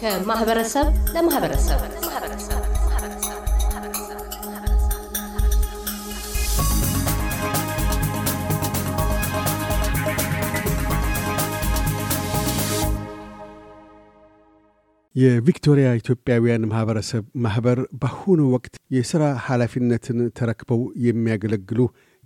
ከማህበረሰብ ለማህበረሰብ የቪክቶሪያ ኢትዮጵያውያን ማህበረሰብ ማኅበር በአሁኑ ወቅት የሥራ ኃላፊነትን ተረክበው የሚያገለግሉ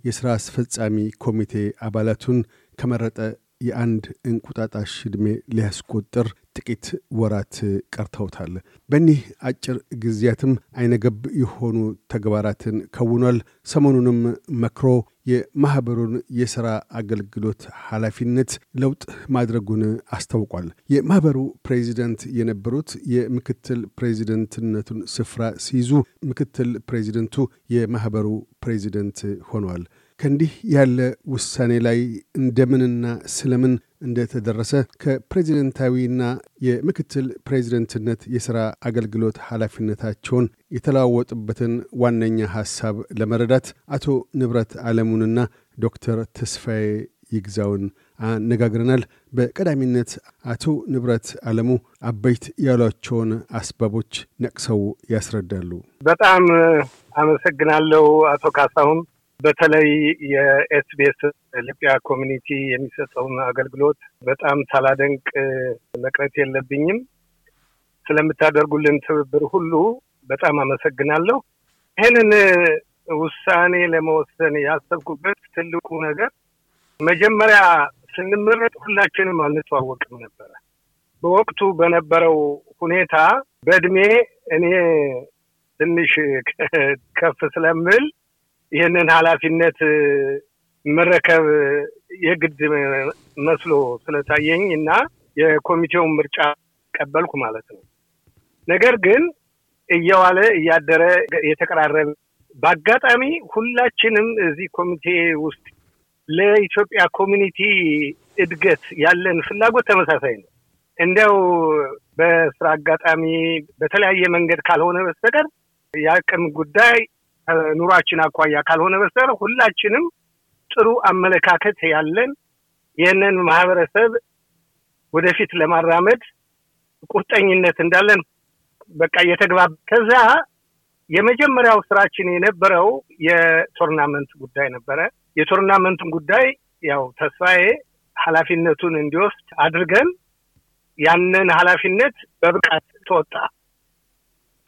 የሥራ አስፈጻሚ ኮሚቴ አባላቱን ከመረጠ የአንድ እንቁጣጣሽ ዕድሜ ሊያስቆጥር ጥቂት ወራት ቀርተውታል። በእኒህ አጭር ጊዜያትም አይነገብ የሆኑ ተግባራትን ከውኗል። ሰሞኑንም መክሮ የማኅበሩን የሥራ አገልግሎት ኃላፊነት ለውጥ ማድረጉን አስታውቋል። የማኅበሩ ፕሬዚደንት የነበሩት የምክትል ፕሬዚደንትነቱን ስፍራ ሲይዙ ምክትል ፕሬዚደንቱ የማኅበሩ ፕሬዚደንት ሆነዋል። ከእንዲህ ያለ ውሳኔ ላይ እንደምንና ስለምን እንደተደረሰ ከፕሬዚደንታዊና የምክትል ፕሬዚደንትነት የሥራ አገልግሎት ኃላፊነታቸውን የተለዋወጡበትን ዋነኛ ሐሳብ ለመረዳት አቶ ንብረት አለሙንና ዶክተር ተስፋዬ ይግዛውን አነጋግረናል። በቀዳሚነት አቶ ንብረት አለሙ አበይት ያሏቸውን አስባቦች ነቅሰው ያስረዳሉ። በጣም አመሰግናለሁ አቶ ካሳሁን። በተለይ የኤስቢኤስ ኢትዮጵያ ኮሚኒቲ የሚሰጠውን አገልግሎት በጣም ሳላደንቅ መቅረት የለብኝም። ስለምታደርጉልን ትብብር ሁሉ በጣም አመሰግናለሁ። ይህንን ውሳኔ ለመወሰን ያሰብኩበት ትልቁ ነገር መጀመሪያ ስንመረጥ ሁላችንም አልተዋወቅም ነበረ። በወቅቱ በነበረው ሁኔታ በእድሜ እኔ ትንሽ ከፍ ስለምል ይህንን ኃላፊነት መረከብ የግድ መስሎ ስለታየኝ እና የኮሚቴውን ምርጫ ቀበልኩ ማለት ነው። ነገር ግን እየዋለ እያደረ የተቀራረበ በአጋጣሚ ሁላችንም እዚህ ኮሚቴ ውስጥ ለኢትዮጵያ ኮሚኒቲ እድገት ያለን ፍላጎት ተመሳሳይ ነው። እንዲያው በስራ አጋጣሚ በተለያየ መንገድ ካልሆነ በስተቀር የአቅም ጉዳይ ከኑሯችን አኳያ ካልሆነ በስተቀር ሁላችንም ጥሩ አመለካከት ያለን ይህንን ማህበረሰብ ወደፊት ለማራመድ ቁርጠኝነት እንዳለን በቃ የተግባብ ከዛ የመጀመሪያው ስራችን የነበረው የቶርናመንት ጉዳይ ነበረ። የቶርናመንቱን ጉዳይ ያው ተስፋዬ ኃላፊነቱን እንዲወስድ አድርገን ያንን ኃላፊነት በብቃት ተወጣ።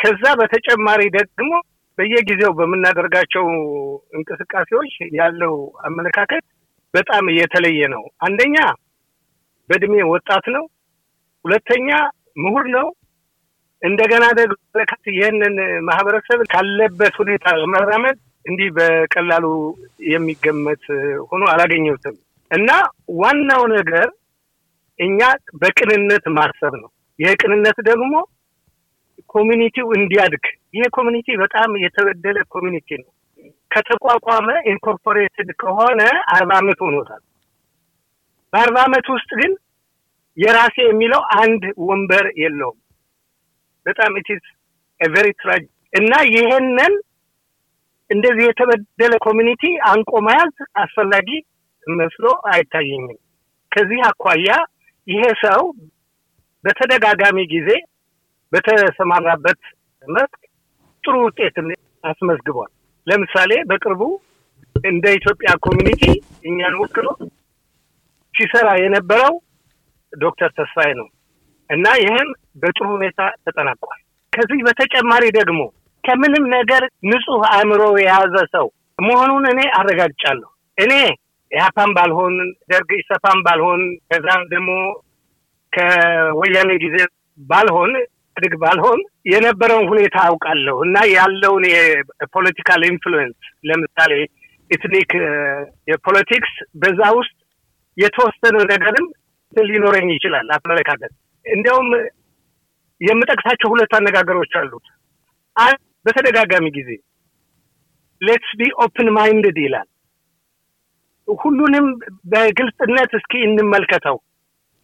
ከዛ በተጨማሪ ደግሞ በየጊዜው በምናደርጋቸው እንቅስቃሴዎች ያለው አመለካከት በጣም እየተለየ ነው። አንደኛ በእድሜ ወጣት ነው። ሁለተኛ ምሁር ነው። እንደገና ደግሞ ይህንን ማህበረሰብ ካለበት ሁኔታ መራመድ እንዲህ በቀላሉ የሚገመት ሆኖ አላገኘሁትም እና ዋናው ነገር እኛ በቅንነት ማሰብ ነው። ይህ ቅንነት ደግሞ ኮሚኒቲው እንዲያድግ ይሄ ኮሚኒቲ በጣም የተበደለ ኮሚኒቲ ነው። ከተቋቋመ ኢንኮርፖሬትድ ከሆነ አርባ አመት ሆኖታል። በአርባ አመት ውስጥ ግን የራሴ የሚለው አንድ ወንበር የለውም። በጣም ኢትስ ቨሪ ትራጂክ እና ይሄንን እንደዚህ የተበደለ ኮሚኒቲ አንቆ መያዝ አስፈላጊ መስሎ አይታየኝም። ከዚህ አኳያ ይሄ ሰው በተደጋጋሚ ጊዜ በተሰማራበት መስክ ጥሩ ውጤት አስመዝግቧል። ለምሳሌ በቅርቡ እንደ ኢትዮጵያ ኮሚኒቲ እኛን ወክሎ ሲሰራ የነበረው ዶክተር ተስፋዬ ነው እና ይህም በጥሩ ሁኔታ ተጠናቋል። ከዚህ በተጨማሪ ደግሞ ከምንም ነገር ንጹህ አእምሮ የያዘ ሰው መሆኑን እኔ አረጋግጫለሁ። እኔ ኢህአፓም ባልሆን ደርግ ኢሰፓም ባልሆን ከዛም ደግሞ ከወያኔ ጊዜ ባልሆን ፓትሪክ ባልሆን የነበረውን ሁኔታ አውቃለሁ እና ያለውን የፖለቲካል ኢንፍሉዌንስ ለምሳሌ ኢትኒክ የፖለቲክስ በዛ ውስጥ የተወሰነ ነገርም ሊኖረኝ ይችላል አመለካከት። እንዲያውም የምጠቅሳቸው ሁለት አነጋገሮች አሉት። አንድ በተደጋጋሚ ጊዜ ሌትስ ቢ ኦፕን ማይንድድ ይላል። ሁሉንም በግልጽነት እስኪ እንመልከተው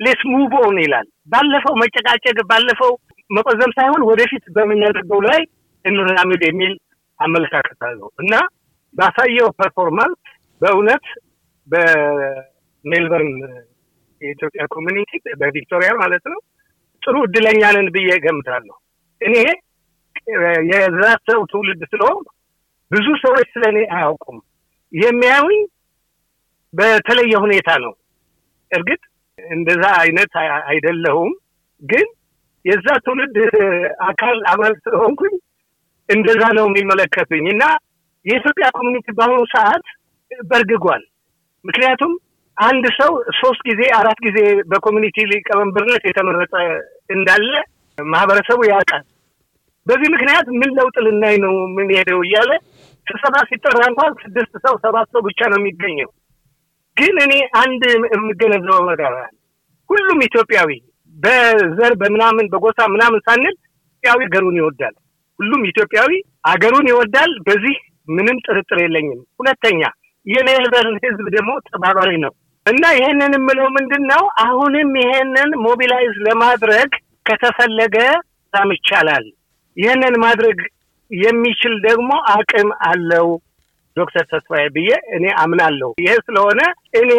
ሌትስ ሙቭ ኦን ይላል። ባለፈው መጨቃጨቅ፣ ባለፈው መቆዘም ሳይሆን ወደፊት በምናደርገው ላይ እንራመድ የሚል አመለካከት አለው እና ባሳየው ፐርፎርማንስ በእውነት በሜልበርን የኢትዮጵያ ኮሚኒቲ በቪክቶሪያ ማለት ነው ጥሩ እድለኛ ነን ብዬ ገምታለሁ። እኔ የዛ ሰው ትውልድ ስለሆን ብዙ ሰዎች ስለ እኔ አያውቁም። የሚያዩኝ በተለየ ሁኔታ ነው። እርግጥ እንደዛ አይነት አይደለሁም፣ ግን የዛ ትውልድ አካል አባል ስለሆንኩኝ እንደዛ ነው የሚመለከቱኝ እና የኢትዮጵያ ኮሚኒቲ በአሁኑ ሰዓት በርግጓል። ምክንያቱም አንድ ሰው ሶስት ጊዜ አራት ጊዜ በኮሚኒቲ ሊቀመንበርነት የተመረጠ እንዳለ ማህበረሰቡ ያውቃል። በዚህ ምክንያት ምን ለውጥ ልናይ ነው የምንሄደው እያለ ስብሰባ ሲጠራ እንኳን ስድስት ሰው ሰባት ሰው ብቻ ነው የሚገኘው። ግን እኔ አንድ የምገነዘበው ነገር ሁሉም ኢትዮጵያዊ በዘር በምናምን በጎሳ ምናምን ሳንል ኢትዮጵያዊ ሀገሩን ይወዳል። ሁሉም ኢትዮጵያዊ አገሩን ይወዳል። በዚህ ምንም ጥርጥር የለኝም። ሁለተኛ የሜልበርን ህዝብ ደግሞ ተባባሪ ነው እና ይህንን የምለው ምንድን ነው፣ አሁንም ይህንን ሞቢላይዝ ለማድረግ ከተፈለገ ም ይቻላል። ይህንን ማድረግ የሚችል ደግሞ አቅም አለው ዶክተር ተስፋዬ ብዬ እኔ አምናለሁ። ይሄ ስለሆነ እኔ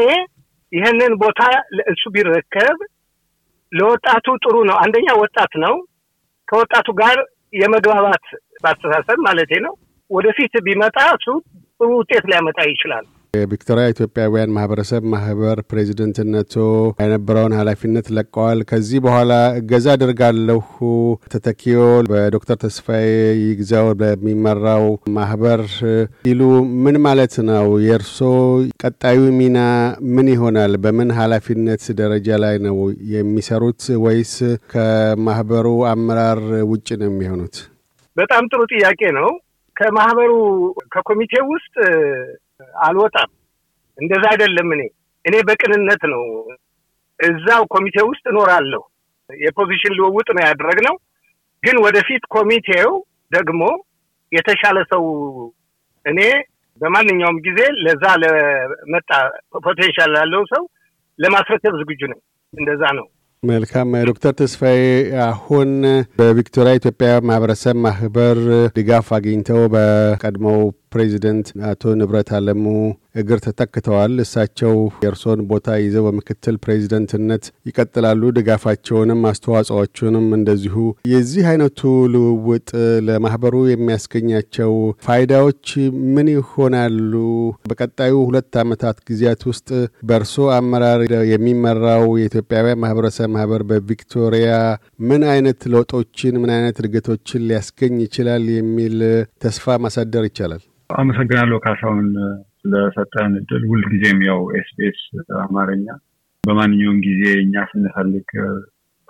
ይህንን ቦታ ለእሱ ቢረከብ ለወጣቱ ጥሩ ነው። አንደኛ ወጣት ነው። ከወጣቱ ጋር የመግባባት ባስተሳሰብ ማለት ነው። ወደፊት ቢመጣ እሱ ጥሩ ውጤት ሊያመጣ ይችላል። የቪክቶሪያ ኢትዮጵያውያን ማህበረሰብ ማህበር ፕሬዚደንትነቶ የነበረውን ኃላፊነት ለቀዋል። ከዚህ በኋላ እገዛ አድርጋለሁ ተተኪዮ በዶክተር ተስፋዬ ይግዛው በሚመራው ማህበር ሲሉ ምን ማለት ነው? የእርሶ ቀጣዩ ሚና ምን ይሆናል? በምን ኃላፊነት ደረጃ ላይ ነው የሚሰሩት? ወይስ ከማህበሩ አመራር ውጭ ነው የሚሆኑት? በጣም ጥሩ ጥያቄ ነው። ከማህበሩ ከኮሚቴ ውስጥ አልወጣም። እንደዛ አይደለም። እኔ እኔ በቅንነት ነው እዛው ኮሚቴ ውስጥ እኖራለሁ። የፖዚሽን ልውውጥ ነው ያደረግነው። ግን ወደፊት ኮሚቴው ደግሞ የተሻለ ሰው እኔ በማንኛውም ጊዜ ለዛ ለመጣ ፖቴንሻል ላለው ሰው ለማስረከብ ዝግጁ ነኝ። እንደዛ ነው። መልካም ዶክተር ተስፋዬ አሁን በቪክቶሪያ ኢትዮጵያ ማህበረሰብ ማህበር ድጋፍ አግኝተው በቀድሞው ፕሬዚደንት አቶ ንብረት አለሙ እግር ተተክተዋል። እሳቸው የእርሶን ቦታ ይዘው በምክትል ፕሬዚደንትነት ይቀጥላሉ። ድጋፋቸውንም አስተዋጽኦቹንም እንደዚሁ። የዚህ አይነቱ ልውውጥ ለማህበሩ የሚያስገኛቸው ፋይዳዎች ምን ይሆናሉ? በቀጣዩ ሁለት ዓመታት ጊዜያት ውስጥ በእርሶ አመራር የሚመራው የኢትዮጵያውያን ማህበረሰብ ማህበር በቪክቶሪያ ምን አይነት ለውጦችን ምን አይነት እድገቶችን ሊያስገኝ ይችላል የሚል ተስፋ ማሳደር ይቻላል? አመሰግናለሁ ካሳሁን። ስለሰጠን እድል ሁልጊዜም ያው ኤስቢኤስ አማርኛ በማንኛውም ጊዜ እኛ ስንፈልግ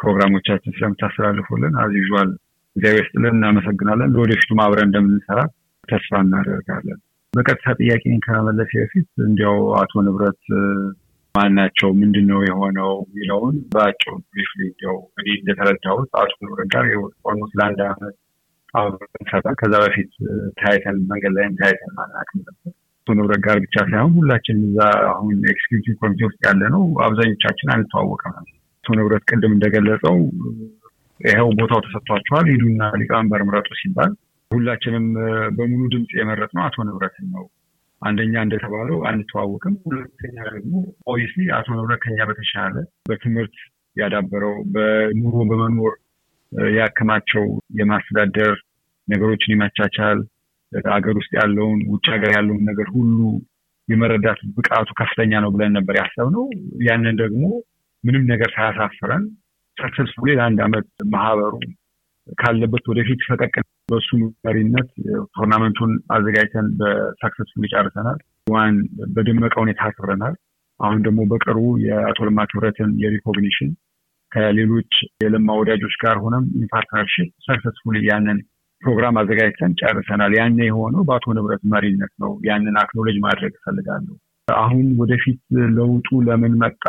ፕሮግራሞቻችን ስለምታስተላልፉልን አዝ ዩዥዋል እግዚአብሔር ስጥልን እናመሰግናለን። ለወደፊቱ ማብረ እንደምንሰራ ተስፋ እናደርጋለን። በቀጥታ ጥያቄን ከመመለሴ በፊት እንዲያው አቶ ንብረት ማናቸው ምንድን ነው የሆነው የሚለውን በአጭሩ ብሪፍ እንዲያው እኔ እንደተረዳሁት አቶ ንብረት ጋር ኦልሞስት ለአንድ አመት አብረን ሰራ ከዛ በፊት ታይተን መንገድ ላይም ታይተን ማናውቅም ከንብረት ጋር ብቻ ሳይሆን ሁላችን እዛ አሁን ኤክስኪዩቲቭ ኮሚቴ ውስጥ ያለ ነው አብዛኞቻችን አንተዋወቅም። አቶ ንብረት ቅድም እንደገለጸው ይኸው ቦታው ተሰጥቷቸዋል ሂዱና ሊቀመንበር ምረጡ ሲባል ሁላችንም በሙሉ ድምፅ ነው አቶ ንብረትን ነው። አንደኛ እንደተባለው አንተዋወቅም፣ ሁለተኛ ደግሞ ኦይሲ አቶ ንብረት ከኛ በተሻለ በትምህርት ያዳበረው በኑሮ በመኖር ያከማቸው የማስተዳደር ነገሮችን የማቻቻል አገር ውስጥ ያለውን ውጭ ሀገር ያለውን ነገር ሁሉ የመረዳት ብቃቱ ከፍተኛ ነው ብለን ነበር ያሰብነው። ያንን ደግሞ ምንም ነገር ሳያሳፍረን ሰክሰስፉሊ ለአንድ ዓመት ማህበሩ ካለበት ወደፊት ፈቀቅ በሱ መሪነት ቶርናመንቱን አዘጋጅተን በሳክሰስፉሊ ጨርሰናል። ዋን በደመቀ ሁኔታ አክብረናል። አሁን ደግሞ በቅርቡ የአቶ ለማ ክብረትን የሪኮግኒሽን ከሌሎች የለማ ወዳጆች ጋር ሆነም ኢንፓርትነርሽፕ ሰክሰስፉል ያንን ፕሮግራም አዘጋጅተን ጨርሰናል። ያን የሆነው በአቶ ንብረት መሪነት ነው። ያንን አክኖሎጅ ማድረግ እፈልጋለሁ። አሁን ወደፊት ለውጡ ለምን መጣ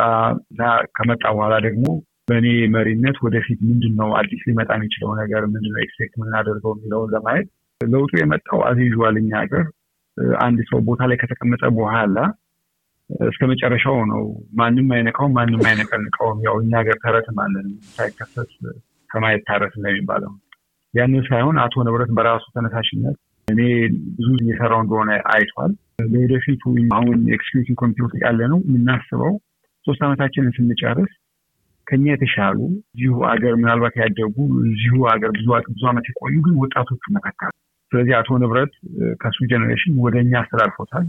ከመጣ በኋላ ደግሞ በእኔ መሪነት ወደፊት ምንድን ነው አዲስ ሊመጣ የሚችለው ነገር ምንድን ነው ኤክስፔክት የምናደርገው የሚለውን ለማየት ለውጡ የመጣው አዝዩዥዋል እኛ ሀገር አንድ ሰው ቦታ ላይ ከተቀመጠ በኋላ እስከ መጨረሻው ነው። ማንም አይነቃውም፣ ማንም አይነቀንቀውም። ያው እኛ ሀገር ተረትም አለን ሳይከሰት ከማየት ይታረስ እንደሚባለው ያንን ሳይሆን አቶ ንብረት በራሱ ተነሳሽነት እኔ ብዙ እየሰራው እንደሆነ አይቷል። ለወደፊቱ አሁን ኤክስኪዩቲቭ ኮሚቴ ውስጥ ያለ ነው የምናስበው ሶስት ዓመታችንን ስንጨርስ ከኛ የተሻሉ እዚሁ አገር ምናልባት ያደጉ እዚሁ አገር ብዙ ብዙ ዓመት የቆዩ ግን ወጣቶቹ መካከል ስለዚህ አቶ ንብረት ከሱ ጀኔሬሽን ወደ እኛ አስተላልፎታል።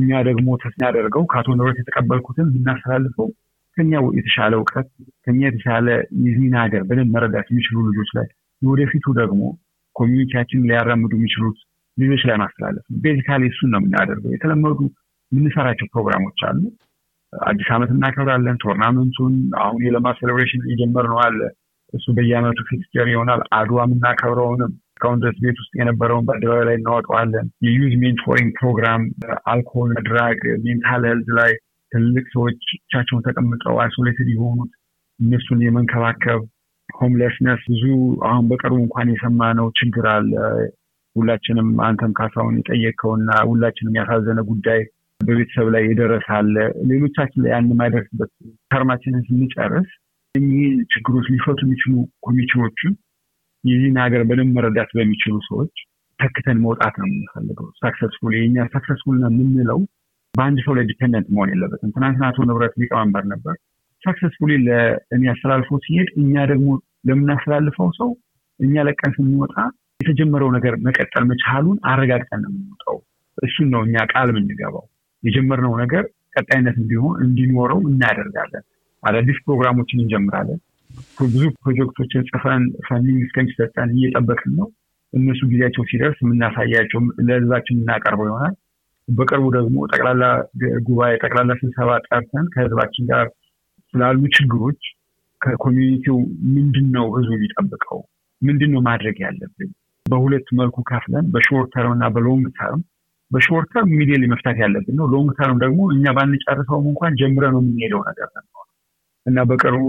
እኛ ደግሞ ተስናደርገው ከአቶ ንብረት የተቀበልኩትን የምናስተላልፈው ከኛ የተሻለ እውቀት ከኛ የተሻለ የዚህን ሀገር በደንብ መረዳት የሚችሉ ልጆች ላይ የወደፊቱ ደግሞ ኮሚኒቲያችን ሊያራምዱ የሚችሉት ልጆች ላይ ማስተላለፍ ነው። ቤዚካሊ እሱን ነው የምናደርገው። የተለመዱ የምንሰራቸው ፕሮግራሞች አሉ። አዲስ ዓመት እናከብራለን። ቶርናመንቱን አሁን የለማ ሴሌብሬሽን ነው አለ። እሱ በየዓመቱ ፊክስቸር ይሆናል። አድዋ የምናከብረውንም እስካሁን ድረስ ቤት ውስጥ የነበረውን በአደባባይ ላይ እናወጣዋለን። የዩዝ ሜንቶሪንግ ፕሮግራም አልኮል፣ ድራግ፣ ሜንታል ሄልዝ ላይ ትልቅ ሰዎች ብቻቸውን ተቀምጠው አይሶሌትድ የሆኑት እነሱን የመንከባከብ ሆምለስነስ ብዙ አሁን በቅርቡ እንኳን የሰማነው ችግር አለ። ሁላችንም አንተም ካሳሁን የጠየቅከውና ሁላችንም ያሳዘነ ጉዳይ በቤተሰብ ላይ የደረሰ አለ። ሌሎቻችን ላይ ያን የማይደርስበት ተርማችንን ስንጨርስ እኚህን ችግሮች ሊፈቱ የሚችሉ ኮሚቴዎችን የዚህን ሀገር በደንብ መረዳት በሚችሉ ሰዎች ተክተን መውጣት ነው የምንፈልገው። ሳክሰስፉል የኛ ሳክሰስፉል ነው የምንለው በአንድ ሰው ላይ ዲፔንደንት መሆን የለበትም። ትናንትና አቶ ንብረት ሊቀመንበር ነበር። ሰክሰስፉሊ አስተላልፎ ሲሄድ እኛ ደግሞ ለምናስተላልፈው ሰው እኛ ለቀን ስንወጣ የተጀመረው ነገር መቀጠል መቻሉን አረጋግጠን ነው የምንወጣው። እሱን ነው እኛ ቃል የምንገባው። የጀመርነው ነገር ቀጣይነት እንዲሆን እንዲኖረው እናደርጋለን። አዳዲስ ፕሮግራሞችን እንጀምራለን። ብዙ ፕሮጀክቶችን ጽፈን ፈንዲንግ እስከሚሰጠን እየጠበቅን ነው። እነሱ ጊዜያቸው ሲደርስ የምናሳያቸው ለህዝባችን የምናቀርበው ይሆናል። በቅርቡ ደግሞ ጠቅላላ ጉባኤ፣ ጠቅላላ ስብሰባ ጠርተን ከህዝባችን ጋር ስላሉ ችግሮች ከኮሚኒቲው ምንድን ነው ህዝቡ የሚጠብቀው? ምንድን ነው ማድረግ ያለብን? በሁለት መልኩ ከፍለን በሾርት ተርም እና በሎንግ ተርም በሾርት ተርም መፍታት ያለብን ነው። ሎንግ ተርም ደግሞ እኛ ባንጨርሰውም እንኳን ጀምረ ነው የምንሄደው ነገር ነው እና በቅርቡ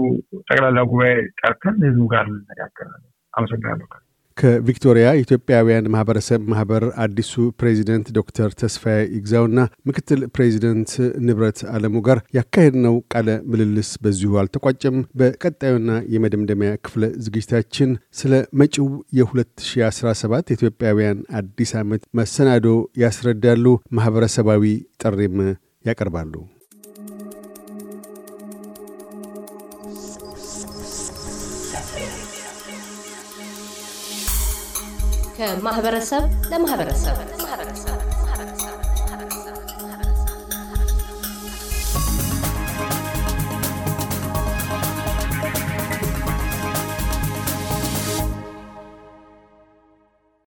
ጠቅላላ ጉባኤ ጠርተን ህዝቡ ጋር እንነጋገራለን። አመሰግናለሁ። ከቪክቶሪያ ኢትዮጵያውያን ማህበረሰብ ማህበር አዲሱ ፕሬዚደንት ዶክተር ተስፋዬ ይግዛውና ምክትል ፕሬዚደንት ንብረት አለሙ ጋር ያካሄድነው ቃለ ምልልስ በዚሁ አልተቋጨም። በቀጣዩና የመደምደሚያ ክፍለ ዝግጅታችን ስለ መጪው የ2017 ኢትዮጵያውያን አዲስ ዓመት መሰናዶ ያስረዳሉ፣ ማህበረሰባዊ ጥሪም ያቀርባሉ። ከማህበረሰብ ለማህበረሰብ